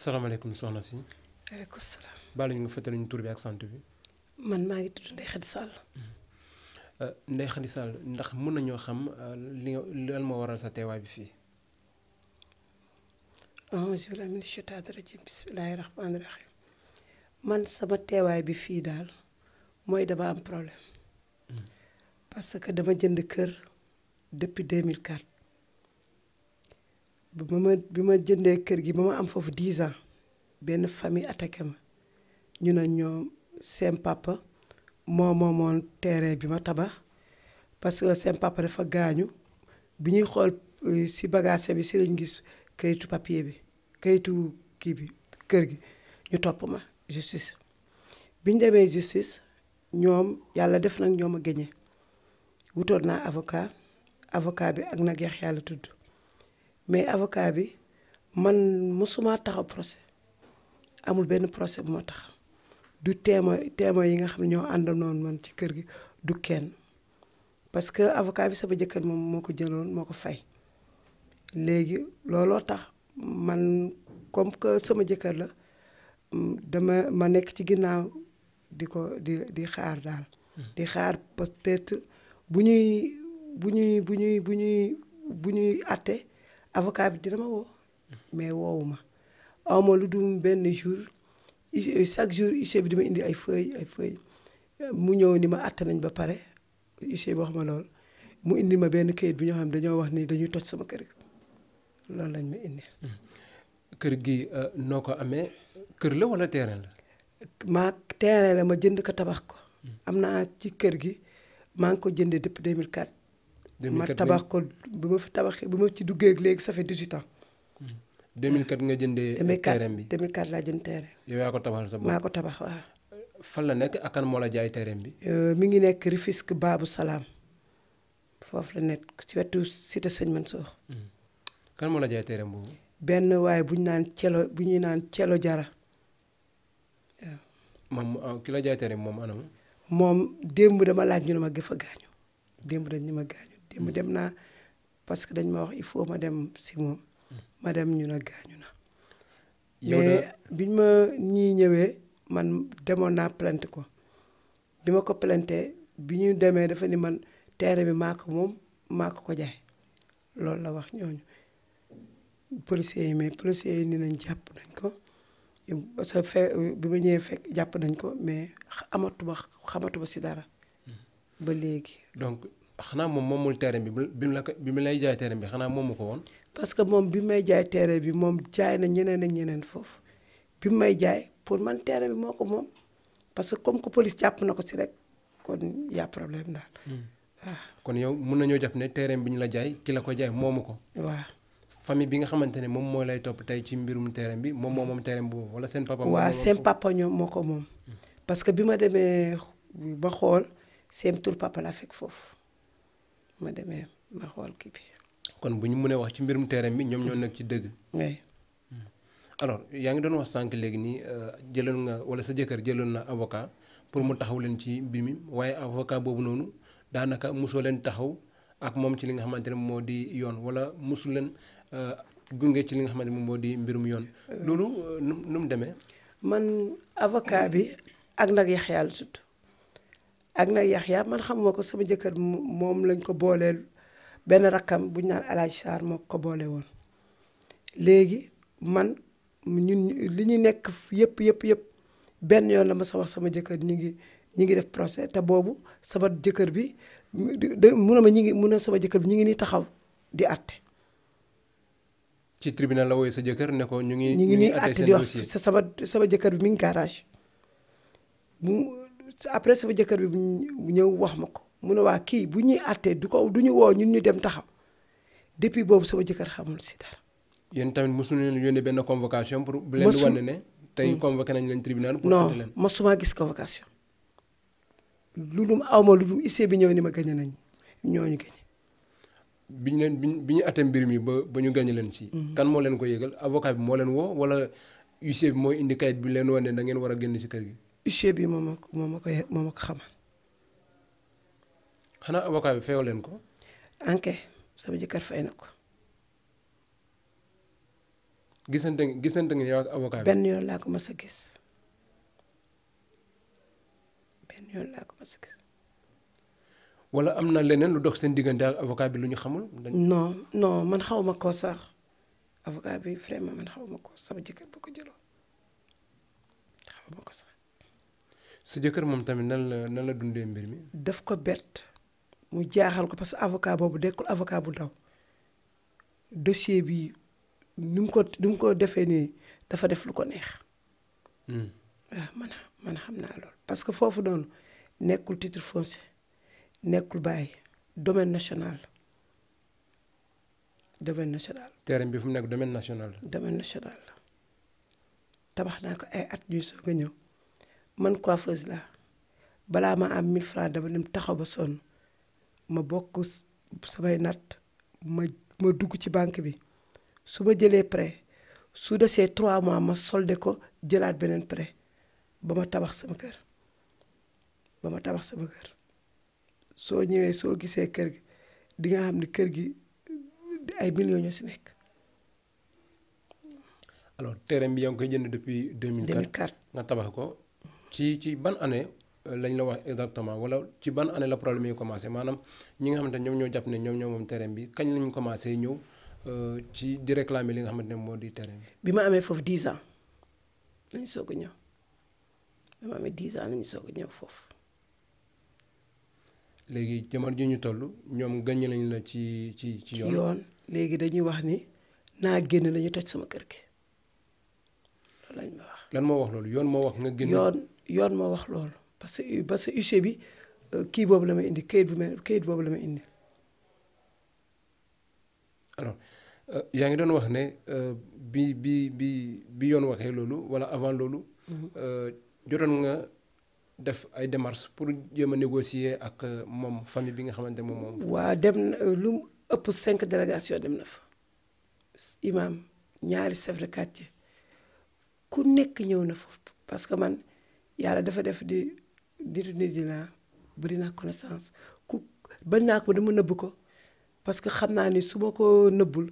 السلام عليكم سونا سي عليكم السلام بالي نيغي فتال ني توربي اك سانتو بي مان ماغي تود ندي خدي سال ا خدي سال نداخ مونا نيو خام لي لما ورال سا تيواي بي في اه جو لا من شتا درجي بسم الله الرحمن الرحيم مان سما تيواي بي في دال موي دابا ام بروبليم باسكو دابا جند كير ديبي 2004 ba ma bi ma jëndee kër gi ba ma am foofu dix ans benn famille attaqué ma ñu ne ñoom seen papa moo moomoon terrain bi ma tabax parce que seen papa dafa gaañu bi ñuy xool euh, si bagage bi si lañ gis kayitu papier bi kayitu kii bi kër gi ñu topp ma justice biñ demee justice ñoom yàlla def nag ñoom a géñe wutoon naa avocat avocat bi ak nag yax yàlla tudd mais avocat bi man mosuma taxaw procès amul benn procès bu ma tax du témoin témoin yi nga xam ne ñoo àndanoon man ci kër gi du kenn parce que avocat bi sama jëkkër moom moo ko jëloon moo ko fay léegi looloo tax man comme que sama jëkkër la dama ma nekk ci ginnaaw di ko di di xaar daal hmm. di xaar peut bu ñuy bu ñuy bu ñuy bu ñuy bu ñuy atte avocat bi dina ma woo mais woowu ma aw ma lu dul benn jour chaque jour huissier bi di ma indi ay feuilles ay feuilles mu ñëw ni ma àtte nañ ba pare huissier bi wax ma loolu mu indi ma benn kayit bi ñoo xam ne dañoo wax ni dañuy toj sama kër loolu lañ ma indi. kër gi euh, noo ko amee kër la wala terrain la. maa terrain la ma jënd ko tabax ko. am naa ci kër gi maa ngi ko jëndee depuis 2004. ma tabax ko bi ma fi tabaxee bi ma ci duggeek léegi ça fait 18 ans. 2004 hmm. nga jëndee. Hmm. terrain bi 2004 kat laa jënd terrain. maa ko tabax waaw. fan la nekk ak kan jaay terrain bi. Euh, mi ngi nekk Rufisque baabu Salaam foofu la nekk ci wetu sit Sëñ Mansour. Hmm. kan moo la jaay terrain boobu. benn waaye bu ñu naan celo bu ñuy naan celo jara waaw. moom ah, ki la jaay moom démb dama laaj ñu ne ma gëfa gaañu démb dañ ñu ma gaañu. mu dem naa parce que dañ ma wax il faut ma dem si moom ma dem ñu ne gaañu na. mais biñ ma ñii ñëwee man demoon naa plainte ko bi ma ko plainte bi ñu demee dafa ni man terrain bi maa moom maa ko ko loolu la wax ñooñu policiers yi mais policiers yi ni nañ jàpp nañ ko parce que bi ma ñëwee fekk jàpp nañ ko mais amatuma xamatuma si dara mm-hmm. ba léegi xanaa moom moom terrain bi bi mu la ko bi mu lay jaay terrain bi xanaa moomu ko woon. parce que moom bi may jaay terrain bi moom jaay na ñeneen ak ñeneen foofu bi may jaay pour man terrain bi moo ko moom parce que comme que police jàpp na ko si rek kon problème daal. waaw hmm. ah. kon yow mun nañoo jàpp ne terrain bi ñu la jaay ki la ko jaay moomu ko. waaw famille bi nga xamante ne moom moo lay topp tey ci mbirum terrain bi moo moom terrain boobu wala seen papa. waaw seen papa moo ko moom. Hmm. parce que bi ma demee ba xool seen tur papa la fekk foofu. ma demee ma xool kii bi. kon bu ñu mënee wax ci mbirum terrain bi ñoom ñoo nekk ci dëgg. oui. Hmm. yaa ngi doon wax sànq léegi nii euh, jëloon nga wala sa jëkkër jëloon na avoca pour mu taxaw leen ci mbir mi waaye avocat boobu noonu daanaka mosoo leen taxaw ak moom ci li nga xamante ne moo di yoon wala mosu leen euh, gunge ci li nga xamante ne moo di mbirum yoon. Euh. loolu nu mu demee. man avoca bi ak nag yax yàlla surtout. ak na yahya man xamoko ko sama jëkkeer mom lañ ko booleel ben rakam buñ nan alhaj sar mo ko boole won léegi man ñun liñu yep nekk yépp yépp yépp ben yoon la ma sa wax sama jëkkeer ñi ngi ñi ngi def procès te boobu sama jëkkeer bi mu ne ma ñi ngi mu ne sama jëkkeer bi ñi ngi ni taxaw di atté ci tribunal la woy sa jëkkeer ne ko ñu ngi. ñi ngi di wax sama sama jëkkeer bi mi ngi garage après sama jëkkër bi bu ñëw wax ma ko mu ne waa kii bu ñuy àttee du ko du ñu woo ñun ñu dem taxaw depuis boobu sama jëkkër xamul si dara. yéen tamit mosu leen yónnee benn convocation pour. bu leen di wane ne tey mm. convoqué nañ leen tribunal. pour non mosuma gis convocation. lu dul aw ma lu dul huissier bi ñëw ni ma gañe nañ ñooñu gañe. bi ñu leen bi ñu àttee mbir mi ba ñu gañe leen ci. Mm-hmm. kan moo leen ko yëgal avocat bi moo leen woo wala huissier bi mooy indi kayit bi leen wane da ngeen war a génn ci kër gi. huissier bi moo ma moo ma ko xamal. xanaa avocat bi fayoo ko. anke sama jëkkër fay na ko. gisante gisante ngeen yow avocat bi. benn yoon laa ko mas a gis benn yoon laa ko mas a gis. wala am na leneen lu dox seen diggante ak avocat bi lu ñu xamul. non non man xaw ko sax avocat bi vraiment man xaw ko sama jëkkër bu ko jëloo xaw ko sax. sa jëkkër moom tamit nan la nan la dundee mbir mi. daf ko bett mu jaaxal ko parce que avocat boobu dekkul avocat bu ndaw dossier bi nu mu ko ni mu ko defee nii dafa def lu ko neex. waaw hmm. ah, man man xam naa loolu parce que foofu noonu nekkul titre foncier nekkul bàyyi domaine national domaine national. terrain bi fu mu nekk domaine nationale domaine national tabax naa ko ay at ñuy soog a ñëw. man coiffeuse la balaa ma am 1000 francs dama dem taxaw ba sonn ma bokk samay natt ma ma dugg ci banque bi su ma jëlee pre su desee trois mois ma solde ko jëlaat beneen prêt ba ma tabax sama kër ba ma tabax sama kër soo ñëwee soo gisee kër gi di nga xam ne kër gi ay millions ñoo si nekk. alors terrain bi yaa ngi koy jënd depuis. 2004 nga tabax ko. ci ci ban année euh, lañ la wax exactement wala ci ban année la problème yi commencé maanaam ñi nga xamante ne ñoom ñoo jàpp ne ñoom ñoo moom terrain bi kañ lañ commencé ñëw euh, ci di réclamer li nga xamante ne moo di terrain bi. ma amee foofu 10 ans lañ soog a ñëw bi ma amee 10 ans soog ñëw foofu. léegi jamono ji ñu toll ñoom gàññi lañ la ci ci ci yoon. léegi dañuy wax ni naa génn lañu ñu toj sama kër gi loolu lañ ma wax. lan moo wax loolu yoon moo wax nga génn yoon moo wax loolu parce que parce que huissier bi euh, kii boobu la may indi kayit bu mel kayit boobu la may indi. alors euh, yaa ngi doon wax ne euh, bi bi bi bi yoon waxee loolu walla avant loolu. Mhm. jotoon nga def ay démarches pour jéem a négocier ak moom famille bi nga xamante moom moom. waa dem na lu ëpp cinq délégation dem na fa. imam ñaari chef de quartier ku nekk ñëw na fa parce que man. yàlla dafa def di nitu nit ñi laa bëri naa connaissance ku bañ naa ko dama nëbb ko parce que xam naa ni su ma ko nëbbul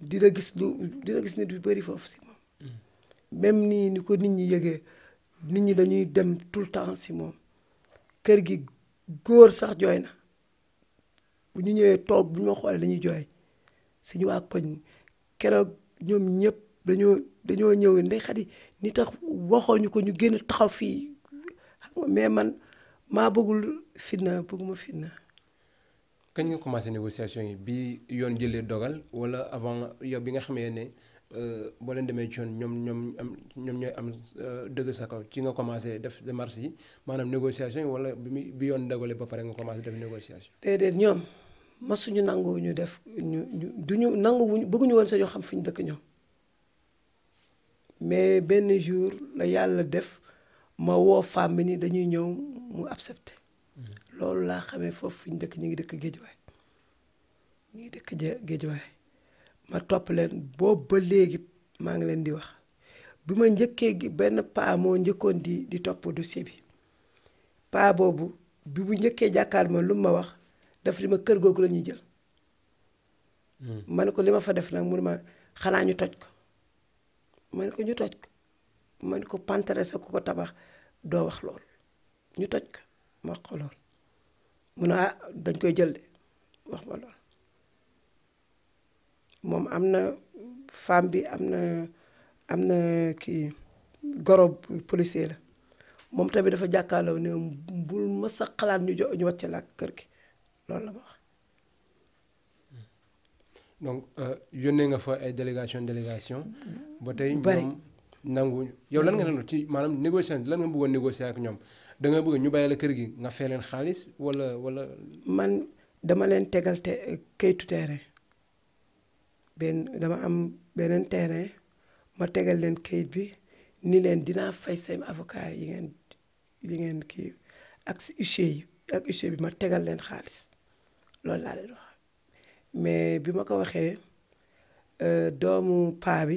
dina gis lu dina gis nit yu bëri foofu si moom mm. même nii ni ko nit ñi yëgee nit ñi dañuy dem tout le temps si moom kër gi góor sax jooy na bu ñu ñëwee toog bu ñu ma xoolee dañuy jooy suñu waa koñ keroog ñoom ñëpp dañoo dañoo ñëw ndey xadi ni tax ñu ko ñu génn taxaw fii mais man maa bëggul fitna bëgguma fitna. kañ nga commencé négociation yi bi yoon jëlee dogal wala avant yow bi nga xamee ne euh, boo leen demee ci yoon ñoom ñoom am ñoom ñooy am euh, dëgg sa kaw ci nga commencé def démarche yi maanaam négociation yi wala bi bi yoon dogalee ba pare nga commencé def négociation. déedéet ñoom masuñu nangu ñu def ñu ñu du ñu nangu bëgguñu woon sa ñoo xam fi ñu dëkk ñoom mais benn jour la yàlla def. ma woo femme bi ni dañuy ñëw mu accepté mm-hmm. loolu laa xamee foofu fi ñu dëkk ñu ngi dëkk géejuwaay ñu ngi dëkk géejuwaay ma topp leen boobu ba léegi maa ngi leen di wax bi ma njëkkee gi benn paa moo njëkkoon di di topp dossier bi paa boobu bi bu njëkkee jàkkaar ma lu ma wax daf li ma kër googu la ñuy jël mm-hmm. ma ne ko li ma fa def nag mun ma xanaa ñu toj ko ma ne ko ñu toj ko ma ne ko pantere sa ku ko tabax doo wax lool ñu toj ko ma wax ko lool mu ne ah, dañ koy jël de wax ma lool moom am na femme bi am na am na kii goro policier la moom tamit dafa jàkkaarloo ne bul mës xalaat ñu jo ñu wacce la kër gi loolu la ma wax. Hmm. donc euh, yónnee nga fa ay délégation délégation. Hmm. ba tey ñoom nanguwuñu yow lan nga ne ci maanaam négocier lan nga bëggoon négocier ak ñoom dangay nga bëgg ñu bàyyi la kër gi nga fay leen xaalis wala wala. man dama leen tegal te kayitu terrain benn dama am beneen terrain ma tegal leen kayit bi ni leen dinaa fay seen avocat yi ngeen yi ngeen kii ak si huissier yi ak huissier bi ma tegal leen xaalis loolu laa leen wax mais bi ma ko waxee euh, doomu paa bi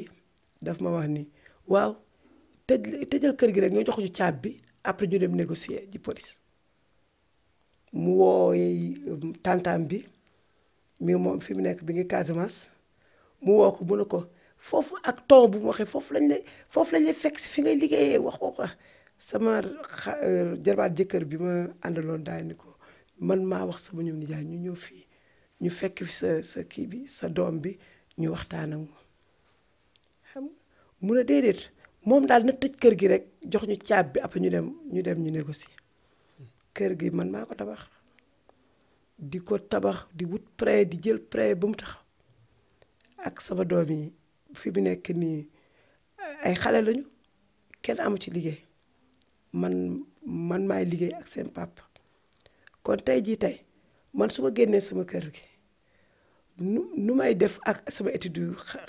daf ma wax ni. waaw tëj tëjal kër gi rek ñoo jox ñu caab bi après ñu dem négocier ji police mu wooy euh, tantam bi mi moom fi mu nekk bi ngi Casamance mu woo ko mu ne ko foofu ak ton bu mu waxee foofu lañ foofu lañu fekk si fi ngay liggéeyee wax ko sama euh, jarbaat jëkkër bi ma àndaloon daay ni ko man maa wax sama ñoom nijaay ñu ñëw fii ñu fekk fi sa sa kii bi sa doom bi ñu waxtaan ak mu ne déedéet moom daal na tëj kër gi rek jox ñu caab bi après ñu dem ñu dem ñu négocier kër gi man maa ko tabax di ko tabax di wut prêt di jël prêt ba mu tax ak sama doom yi fi mu nekk nii ay xale lañu kenn amu ci liggéey man maay liggéey ak seen papa kon tey jii tey man su ma génnee sama kër gi nu nu may def ak sama étude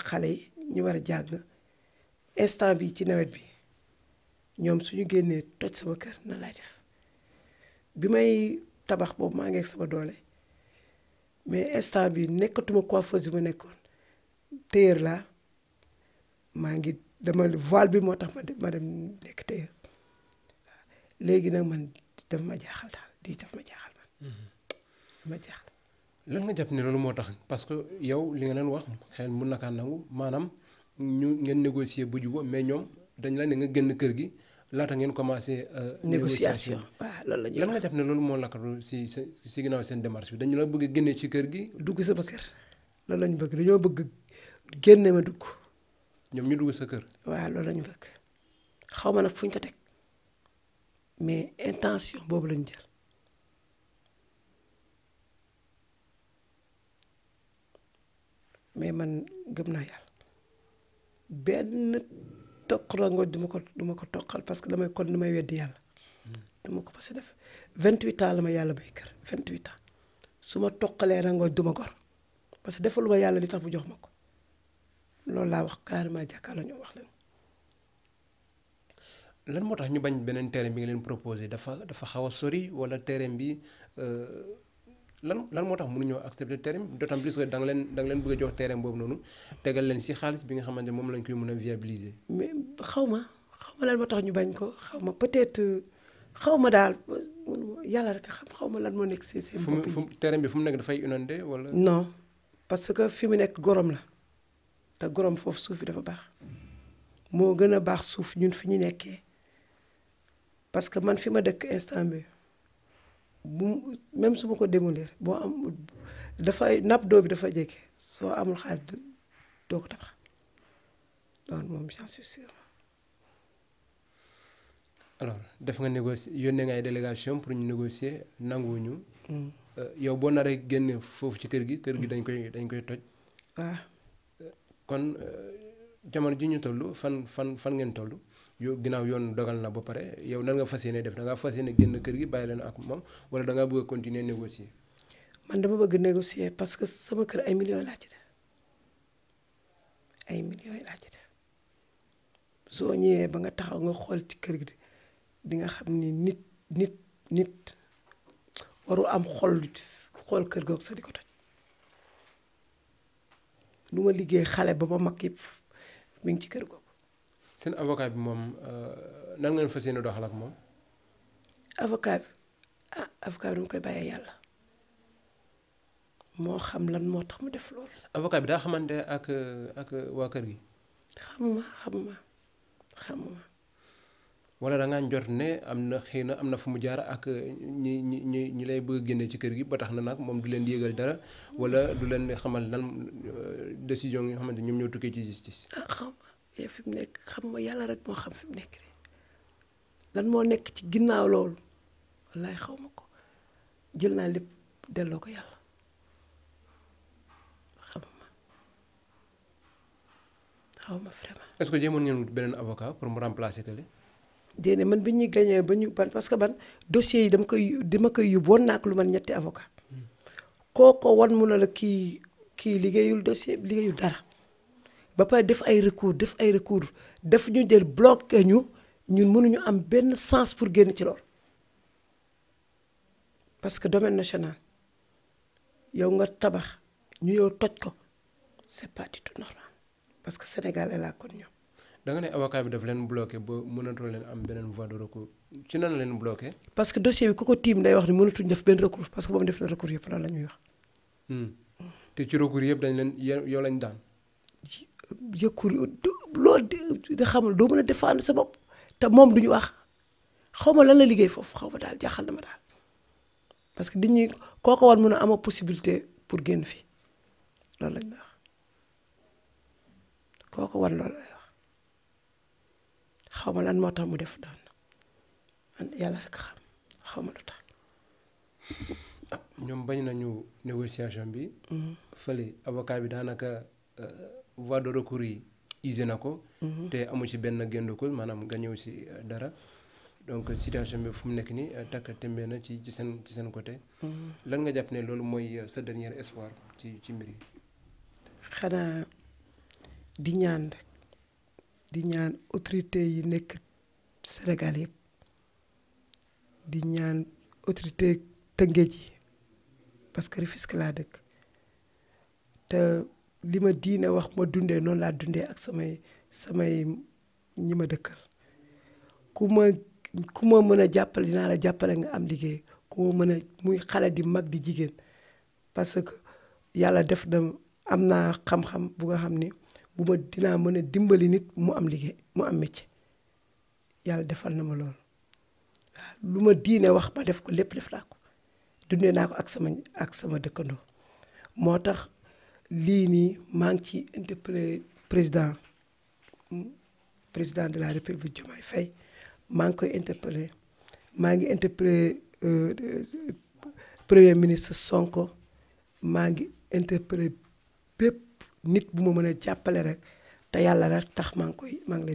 xale yi ñu war a jàng. instant bi ci nawet bi ñoom suñu génnee toj sama kër na laay def bi may tabax boobu maa ngi ak sama doole mais instant bi nekkatuma coiffeuse bi ma nekkoon téyër laa maa ngi dama voile bi moo tax ma dem ma dem nekk téyër léegi nag man daf ma jaaxal daal di daf ma jaaxal man mm-hmm. daf jaaxal lan nga jàpp ne loolu moo tax parce que yow li nga leen wax xel mun na kaa nangu maanaam ñu ngeen négocier bu jubóo mais ñoom dañ la ne nga génn kër gi laata ngeen commencé. Euh, négociation waaw loolu la ñuy wax nga def ne loolu moo lakkatu si si ginnaaw seen démarche bi dañu la bëgg génne ci kër gi. dugg sama kër loolu la ñu bëgg dañoo bëgg génne ma dugg. ñoom ñu dugg sa kër. waaw la ñu bëgg xaw ma nag fu ñu ko teg mais intention boobu lañu jël. mais man gëm naa yàlla. benn toqrangooj du ma ko du ma ko toqal parce que damay kon ni may weddi yàlla du ko parce que def vingt huit ans la ma yàlla may kër vingt huit su ma toqalee rangooj duma ma gor parce que defalu ma yàlla li tax bu jox ma ko loolu laa wax carrément jàkkaarloo ñu wax leen lan moo tax ñu bañ beneen terrain bi nga leen proposé dafa dafa xaw a sori walla terrain bi euh, lan lan moo tax mënuñoo accepter terrain d' autant plus que da nga leen da nga leen bëgg a jox terrain boobu noonu tegal leen si xaalis bi nga xamante moom lañ koy mën a viabiliser. mais xaw ma xaw ma lan moo tax ñu bañ ko xaw ma peut-être xaw ma daal yàlla rek xam xaw ma lan moo nekk si seen bopp fu terrain bi fu mu nekk dafay inondé walla non parce que fi mu nekk gorom la te gorom foofu suuf bi dafa baax moo gën a baax suuf ñun fi ñu nekkee parce que man fi ma dëkk instant bi. bu même su ma ko démolir boo am dafay napp doo bi dafa jege soo amul xaalis doo ko tabax loolu moom j'en suis sûr. alors def nga négocier yone nga délégation pour ñu négocier hmm. euh, yow boo naree génne fofu ci kër gi kër gi hmm. dañ koy dañ koy toj. ah euh, kon euh, jamono ji ñu toll fan fan fan ngeen toll. yo ginaaw yoon dogal na ba pare yow nan nga fas def da nga fas genn génn kër gi bàyyi leen ak moom wala da nga bëgg continuer négocier man dama bëgg négocier parce que sama kër ay millions laa ci def ay millions laa ci def soo ñëwee ba nga taxaw nga xool ci kër gi di nga xam ni nit nit nit waru am xol xol kër gog sa diko ko toj nu ma liggéey xale ba ma mag yëpp mi ngi ci kër gog sen avocat bi moom euh, nan ngeen fas yéene doxal ak moom. avocat bi ah avocat bi dama koy bàyyee yàlla moo xam lan moo tax mu def loolu. avocat bi daa xamante ak ak waa kër gi. xamuma xamuma xamuma. wala da ngaa jot ne am na xëy na am na fu mu jaar ak ñi ñi ñi lay bëgg a génne ci kër gi ba tax na nag moom du leen yëgal dara wala du leen xamal lan euh, décision yi nga xamante ñoom ñoo tukkee ci justice. ah xamuma. Ya fi mu nekk xam ma yàlla rek moo xam fi mu lan moo nek ci ginnaaw loolu wallaay xaw ko jël naa lépp delloo ko yàlla xam ma ma vraiment. est-ce que jéemoon ngeen beneen avocat pour mu remplacer que déedéet man bi gagné ba ban parce que ban dossier yi dama koy dama koy yóbbu woon naa ko lu man ñetti avocat hmm. kooko wan mu la kii kii liggéeyul dossier dara ba pare def ay recours def ay recours def ñu jël bloqué ñu ñun mënuñu am benn sens pour génn ci l'or parce que domaine national yow nga tabax ñu yow toj ko c'est pas du tout normal parce que Sénégal la kon ñoom. da nga ne avocat bi daf leen bloqué ba mënatoo leen am benen voie de recours ci nan leen bloqué. parce que dossier bi ko ko tim day wax ni mënatuñ def benn recours parce que moom def na recours yëpp la ñuy wax. Hmm. te ci recours yëpp dañ leen yow lañ daan. yëkkur loo di xamul doo mën a défendre sa bopp te moom duñu wax xaw ma lan la liggéey foofu xaw ma daal jaaxal na ma daal parce que dañuy kooko war mun a ama possibilité pour génn fi loolu lañ wax kooko war loolu lay wax xaw lan moo tax mu def daan man yàlla rek xam xaw lu tax ah, ñoom bañ nañu négociation bi mm-hmm. fële avocat bi daanaka euh, voie de recours yi usé na ko. Mhm. te amu ci benn géndukul maanaam gañëw si euh, dara. donc situation bi fu mu nekk nii euh, takk tembe na ci ci seen ci seen côté. Mhm. lan nga jàpp ne loolu mooy euh, sa dernier espoir ci ci mbir yi. xanaa di ñaan rek di ñaan autorité yi nekk Sénégal yëpp di ñaan autorité Tëngéej yi parce que laa dëkk te. li ma diine wax ma dundee noonu laa dundee ak samay samay ñi ma dëkkal ku ma ku ma mën a jàppale dinaa la jàppale nga am liggéey ku ma mën a muy xale di mag di jigéen parce que yàlla def na am naa xam-xam bu nga xam ni bu ma dinaa mën a dimbali nit mu am liggéey mu am métier yàlla defal na ma loolu waaw lu ma diine wax ma def ko lépp def naa ko dundee naa ko ak sama ak sama dëkkandoo moo tax Lini manchi maa ci président président de la république du Faye maa koy interpellé mangi interpellé euh, premier ministre Sonko Mangi ngi interpellé bépp nit bu ma mën rek ta yalla rek tax mang koy mang